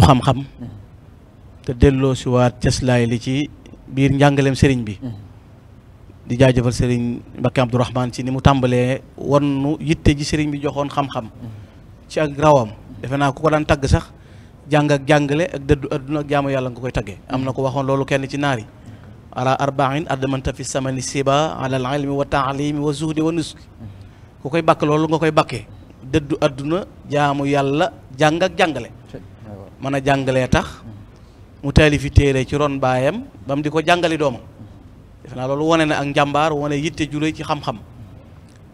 gëstu xam-xam te delloo si waat li ci biir njàngaleem sëriñ bi mm-hmm. di jaajëfal sëriñ Mbakke Abdourahman si ni mu tàmbalee wan nu yitte ji sëriñ bi joxoon xam-xam mm-hmm. ci ak rawam defe naa ku ko daan tagg sax jàng ak jàngale ak dëddu adduna ak jaamu yàlla nga koy taggee am na ko waxoon loolu kenn ci naari mm-hmm. ala arbain addamanta fi samani siba ala al ilmi wa taalimi wa zuhdi wa nuski ku koy bakk loolu nga koy bakkee dëddu adduna jaamu yàlla jàng ak mën a jàngalee tax mu taalifi téere ci ron baayam bam di ko jàngali dooma defe naa loolu wane na ak njàmbaar wane yitte jure ci xam-xam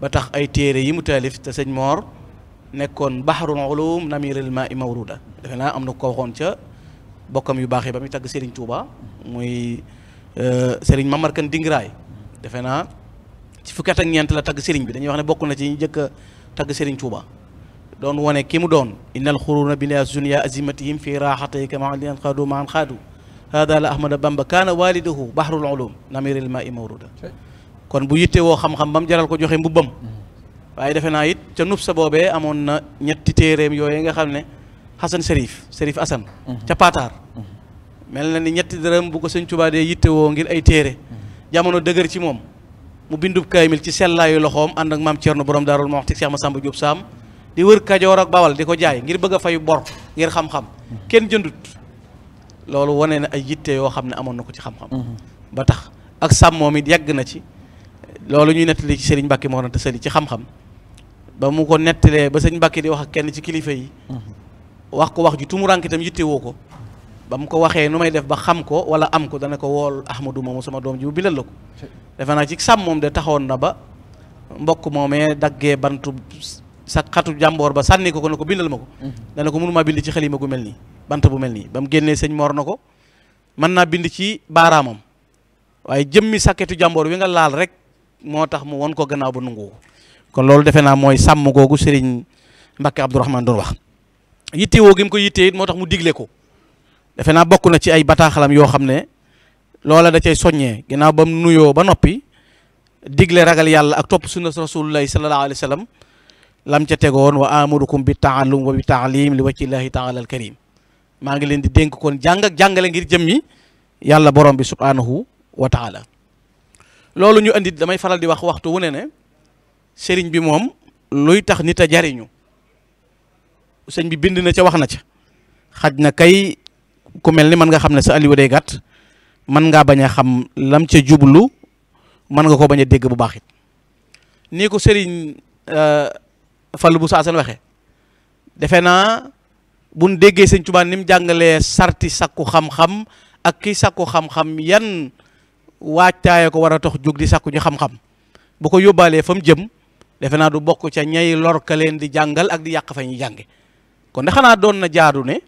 ba tax ay téere yi mu taalif te sëñ Moor nekkoon bahrul ulum namiril ma'i mawruda defe naa am na ko waxoon ca bokkam yu baax yi ba muy tagg Serigne Touba muy euh, Serigne Mamar Kan Dingiraay defe naa ci fukki ak ñeent la tagg Serigne bi dañuy wax ne bokk na ci ñi njëkk a tagg Serigne Touba doon wane ki mu doon innal xuruuna bila sunya azimatihim fi raaxatayka maa lian xaadu maan xaadu hada la ahmada bamba kaana walidahu bahrul ulum namiril ma i mawruda kon bu yitte woo xam ba mu jaral ko joxe mbubbam waaye defe naa it sa amoon na ñetti téeréem yooyu nga xam ne xasan sérif sérif asan mhm. ca paataar mhm. na ni ñetti dërëm bu ko sëñ Tuubaa dee yitte mhm. ci moom mu bindub kaamil ci sellaayu loxoom ànd ak maam Cerno borom daarul ma waxti Seex Masamba Jóob Saam di wër kajoor ak bawal di ko jaay ngir bëgga fay bor ngir xam-xam kenn jëndut loolu wane na ay yitte yoo xam ne amoon na ko ci xam-xam mm-hmm. ba tax ak sàmmoom it yàgg na ci loolu ñuy nettali ci sëriñ Mbàkke moo ranta ci xam ba mu ko nettalee ba sëriñ Mbàkke di wax ak kenn ci kilifa yi mm-hmm. wax ko wax ju tumurànk itam yitte woo ko ba mu ko waxee nu may def ba xam ko wala am ko dana ko wool du moomu sama doom ji bu bilal la ko defe naa ci sàmmoom de taxoon na ba mbokk moomee daggee bantu sa xatu jàmboor ba sànni ko ko ne ko bindal ma ko dana mhm. ko mënumaa bind ci xalima gu mel nii bant bu mel nii bam mu génnee sëñ moor na ko mën naa bind ci baaraamam waaye jëmmi sàkketu jàmboor wi nga laal rek moo tax mu won ko gannaaw ba nungu kon loolu defe naa mooy sàmm googu sëriñ Mbacke Abdourahmane doon wax yittewoo gi ko yittee moo tax mu digle ko defe naa bokk na ci ay bataaxalam yoo xam ne loola da cay soññee ginnaaw ba mu nuyoo ba noppi digle ragal yàlla ak topp sunna rasulullahi sallallahu alayhi wa sallam lam ca tegoon wa amurukum bi taallum taalim li wajhillahi karim maa ngi leen di dénk kon jàng ak jàngale ngir jëmmi yàlla borom bi subhanahu wa taala loolu ñu andi damay faral di wax waxtu wu ne ne sëriñ bi moom luy tax nit a jariñu sëñ bi bind na ca wax na ca xaj na kay ku mel ne mën nga xam ne sa aliwa day gat mën ngaa bañ a xam lam ca jublu mën nga ko baña dégg bu baax it ko sëriñ euh, Fallou Moussa Assane waxee defe naa bu nu déggee sëñ Tuubaa ni mu jàngalee sarti sakku xam-xam ak ki sakku xam-xam yan waajtaaye ko war a tax jóg di sakku ñu xam-xam bu ko yóbbaalee fa mu jëm defe naa du bokk ca ñay lor leen di jàngal ak di yàq fa ñuy jànge kon de xanaa doon na jaadu ne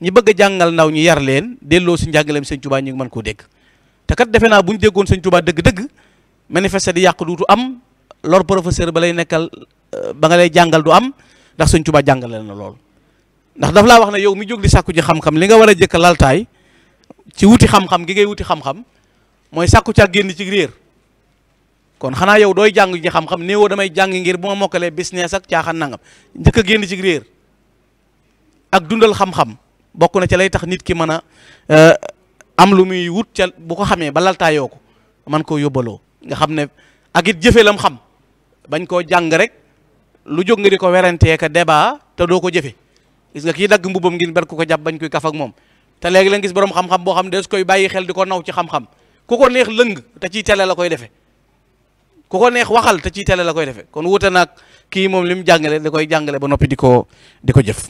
ñi bëgg jàngal ndaw ñi yar leen delloo si njàngaleem sëñ Tuubaa ñu man koo dégg te kat defe naa bu ñu déggoon sëñ Tuubaa dëgg-dëgg manifeste di yàq duutu am lor professeur ba nga lay jàngal du am ndax Sëñ Tuubaa jàngale na lool ndax daf laa wax ne yow mi jóg di sàkku ji xam-xam li nga war a jëkk laltaay ci wuti xam-xam gi ngay wuti xam-xam mooy sàkku ca génn ci réer kon xanaa yow dooy jàng ji xam-xam néewoo damay jàng ngir bu ma mokkalee business ak caaxaan nangam njëkk a génn ci réer ak dundal xam-xam bokk na ci lay tax nit ki mën a euh, am lu muy wut bu ko xamee ba laltaayoo ko man koo yóbbaloo nga xam ne ak it jëfee lam xam bañ koo jàng rek lu jóg nga di ko werantee ka débat te doo ko jëfe gis nga kii dagg mbubam ngir ber ku ko jàpp bañ koy kaf ak moom te léegi la gis borom xam-xam boo xam ne des koy bàyyi xel di ko naw ci xam-xam ku ko neex lëng te ciy tele la koy defee ku ko neex waxal te ciy la koy defee kon wuute nag kii moom li mu jàngale da koy jàngale ba noppi di ko di ko jëf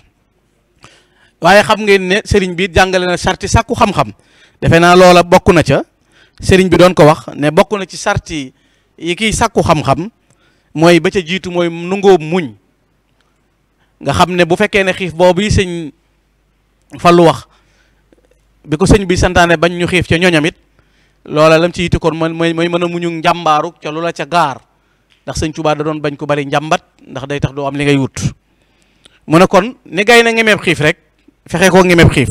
waaye xam ngeen ne sëriñ bi jàngale na sarti sàkku xam-xam defe naa loola bokk na ca sëriñ bi doon ko wax ne bokk na ci sarti yi kiy sàkku xam-xam mooy ba ca jiitu mooy nungoo muñ nga xam ne bu fekkee ne xiif boobu yi sëñ Fallu wax bi ko sëñ bi santaane bañ ñu xiif ca ñoñam it loola lam ci yitu kon mooy mooy mën muñu njàmbaaru ca loola ca gaar ndax sëñ Tuubaa da doon bañ ko bari njàmbat ndax day tax doo am li ngay wut mu ne kon ni gay na ngemeeb xiif rek fexe ko ngemeeb xiif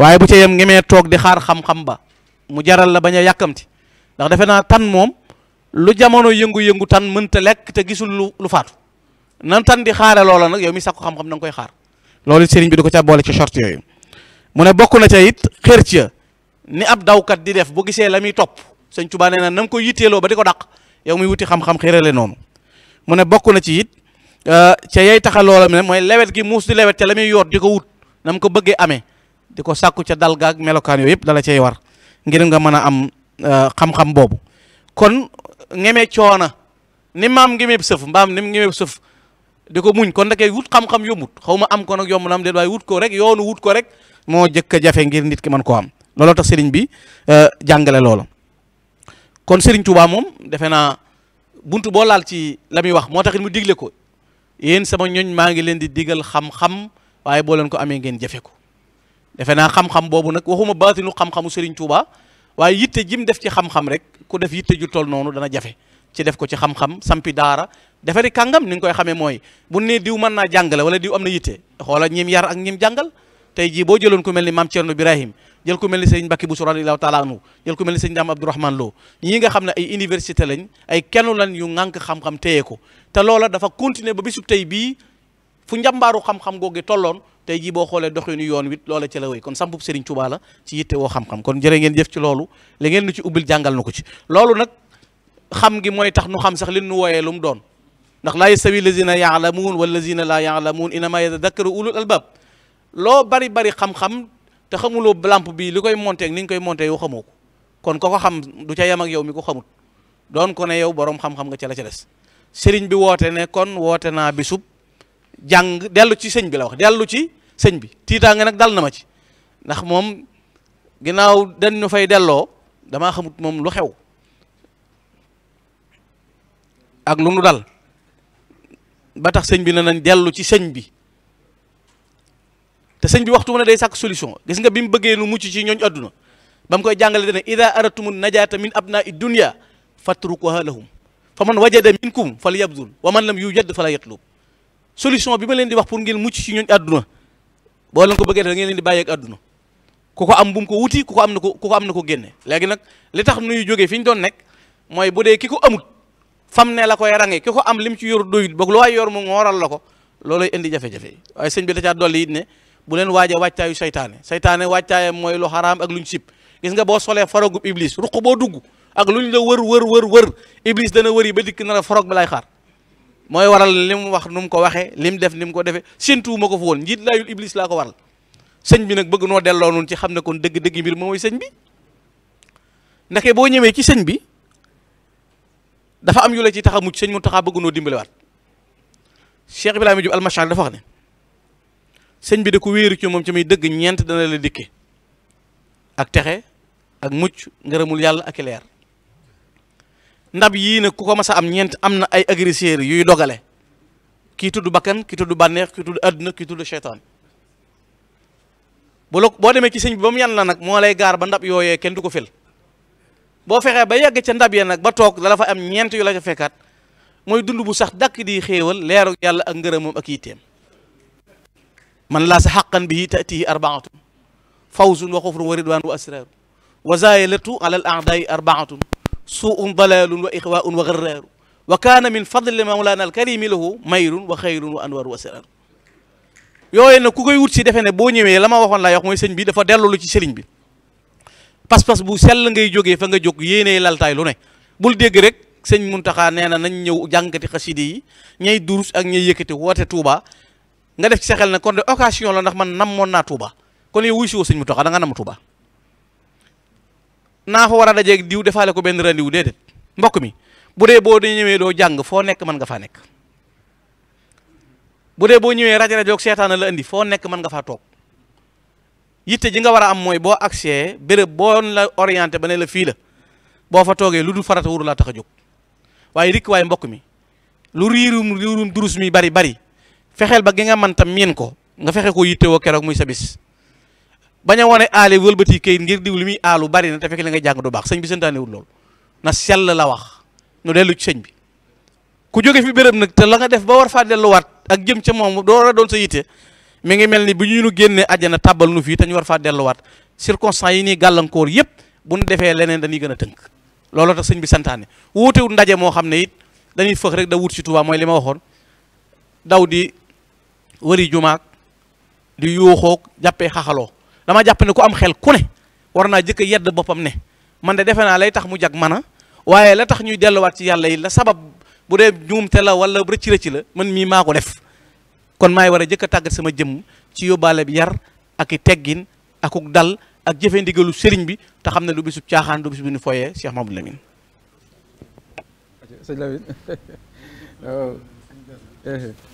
waaye bu ca yem ngemee toog di xaar xam-xam ba mu jaral la bañ a yàkkamti ndax defe naa tan moom lu jamono yëngu-yëngu tan mën mënta lekk te gisul lu lu faatu nan tan di xaare loola nag yow mi sàkku xam-xam na nga koy xaar loolu sëriñ bi du ko ca boole ca short yooyu mu ne bokk na ca it xër ca ni ab dawkat di def bu gisee la muy topp sëñ Tuubaa nee na na nga koy yitteeloo ba di ko dàq yow muy wuti xam-xam xërale noonu mu ne bokk na ci it euh, ca yay taxa loola ne mooy lewet gi muus di lewet ca la muy yoot di ko wut na mu ko bëggee amee di ko sàkku ca dal gaag melokaan yooyu yëpp dala cay war ngir nga mën a am euh, xam-xam boobu kon ngeme coona ni maam ngemeeb sëf mbaam ni ngemeeb sëf de ko muñ kon ndakee wut xam-xam yombut xaw ma am ko nag yomb na am déet waaye wut ko rek yoonu wut ko rek moo jëkk a jafe ngir nit ki mën koo am looloo tax sëriñ bi euh, jàngale loolu kon sëriñ Tuubaa moom defe naa buntu boo laal ci la muy wax moo tax mu digle ko yéen sama ñoñ maa ngi leen di digal xam-xam waaye boo leen ko amee ngeen jafe ko defe naa xam-xam boobu nag waxuma baatinu xam-xamu sëriñ Tuubaa waaye yitte jim def ci xam-xam rek ku def yitte ju toll noonu dana jafe ci def ko ci xam-xam sampi daara defari kàngam ni nga koy xamee mooy bu ne diw mën naa jàngale wala diw am na yitte xoola ñim yar ak ñim jàngal tey jii boo jëloon ku mel ni maam Thierno Birahim jël ku mel ni sëñ Mbacke Bousso radiyallahu taala anhu jël ku mel ni sëñ Dame Abdourahmane Lo ñii nga xam ne ay université lañ ay kenn lañ yu ŋànk xam-xam téye ko te loola dafa continuer ba bisub tey bii fu njàmbaaru xam-xam googu tolloon tey jii boo xoolee doxinu yoon wit loola ci la wéy kon sampub Serigne Touba la ci yitte woo xam-xam kon jërë ngeen jëf ci loolu li ngeen nu ci ubbil jàngal na ko ci loolu nag xam gi mooy tax nu xam sax lin nu wooyee lu mu doon ndax laa yastawi la yaalamuun walazina laa yaalamuun inama yatadakkaru ulul albab loo bari bari xam-xam te xamuloo lampe bi li koy monté ak ni nga koy monté yow xamoo ko kon ko xam du ca yem ak yow mi ko xamut doon ko ne yow borom xam nga ca la ca des Serigne bi woote ne kon woote naa bisub jàng dellu ci sëñ bi la wax dellu ci sëñ bi tiitaange nag dal na ma ci ndax moom ginnaaw dañ ñu fay delloo dama xamut moom lu xew ak lu nu dal ba tax sëñ bi na nañ dellu ci sëñ bi te sëñ bi waxtu mu ne day sàkk solution gis nga bi mu bëggee nu mucc ci ñooñ adduna ba mu koy jàngale dana ida aratumu najata min abnaa dunya fatrukuha lahum fa man wajada minkum fal yabdul wa man lam yujad fala yatlub solution bi ma leen di wax pour ngeen mucc ci ñooñ àdduna boo leen ko bëggee da ngeen leen di bàyyeeg àdduna ku ko am bu mu ko wuti ku ko am na ko ko am na ko génne léegi nag li tax nuy jógee fi ñu doon nekk mooy bu dee ki ko amut fam ne la koy range ki ko am lim ci yor doyut boog lu waay yor mu ngooral la ko looloy indi jafe-jafe yi waaye sëñ bi da caa dolli it ne bu leen waaje wàccaayu seytaane saytaane wàccaayam mooy lu xaraam ak luñ sib gis nga boo solee farogub iblis ruq boo dugg ak luñ la wër wër wër wër iblis dana wëri ba dikk na la forog xaar mooy waral li mu wax nu mu ko waxee li mu def ni mu ko defee sintuwuma ko fa woon njiit laayul iblis laa ko waral sëñ bi nag bëgg noo delloo noonu ci xam ne kon dëgg-dëgg mbir mooy sëñ bi ndake boo ñëwee ci sëñ bi dafa am yu ci tax mucc sëñ mu taxaa bëgg noo dimbaliwaat Cheikh Ibrahima Diop almachan dafa wax ne sëñ bi de ko wéeru ci moom ci muy dëgg ñeent dana la dikke ak texe ak mucc ngërëmul yàlla ak leer ndab yii nag ku ko mas a am ñeent am na ay agresseurs yuy dogale kii tudd bakkan kii du bànneex kii tudd àdduna kii tudd seytaan bu la boo demee ci sëñ bi ba yan la nag moo lay gaar ba ndab yooyee kenn du ko fel boo fexee ba yegg ca ndab ya nag ba toog dala fa am ñeent yu la ca fekkaat mooy dund bu sax dakk di xéewal leeru yàlla ak ngërëmam ak yitteem man laa sa xaqan bihi tatihi arbaatun fawzun wa xufrun wa ridwan wa asraru wa zayalatu ala al aadaayi arbaatun su suun dalalun wa ixwaun wa garraaru wa kaana min fadli mawlaana alkarimi lahu mayrun wa xayrun wa anwaaru wa siraaru yooyu na ku koy wut si defe ne boo ñëwee la ma waxoon la wax mooy sëñ bi dafa dellu ci sëriñ bi pas-pas bu sell ngay jógee fa nga jóg yéenee laltaay lu ne bul dégg rek sëñ Muntaxa nee na nañ ñëw jàngati xaside yi ñay durus ak ñay yëkkati woote Touba nga def ci sa ne kon de occasion la ndax man nam moon naa Touba kon yow wuy si woo sëñ nga nam Touba naa fa war a dajeeg diw defaale ko benn rendiw déedéet mbokk mi bu dee boo ñëwee doo jàng foo nekk mën nga faa nekk bu dee boo ñëwee rajo rajoog seetaana la indi foo nekk mën nga faa toog yitte ji nga war a am mooy boo accès bërëb boo la orienté ba ne la fii la boo fa toogee lu dul farata wuru laa tax a jóg waaye rikk waaye mbokk mi lu riirum riirum durus mi bari bari fexeel ba gi nga man tam miin ko nga fexe ko yittewoo keroog muy sa bis bañ a wane aale wëlbati kayit ngir diw li muy aalu bari na te fekk li ngay jàng du baax sëñ bi santaanewul loolu na sell la wax nu dellu ci sëñ bi ku jóge fi béréb nag te la nga def ba war faa delluwaat ak jëm ca moom doo war doon sa yitte mi ngi mel ni bu ñu nu génnee àjjana tàbbal nu fii te ñu war faa delluwaat circonstance yi ni gàllankoor yépp bu nu defee leneen dañuy gën a tënk looloo tax sëñ bi santaane wuutewul ndaje moo xam ne it dañuy fëx rek da wut ci mooy li ma waxoon daw di di yuuxoog jàppee xaxaloo dama jàpp ne ku am xel ku ne war naa jëkk yedd boppam ne man de defe naa lay tax mu jag man a waaye la tax ñuy delluwaat ci yàlla yi la sabab bu dee juumte la wala rëcc rëcc la man mii maa ko def kon maay war a jëkk a tàggat sama jëm ci yóbbaale bi yar ak i teggin akuk dal ak jëfe ndigalu sëriñ bi te xam ne lu bisu caaxaan du bisu bu ñu fooyee Cheikh Mamadou Lamine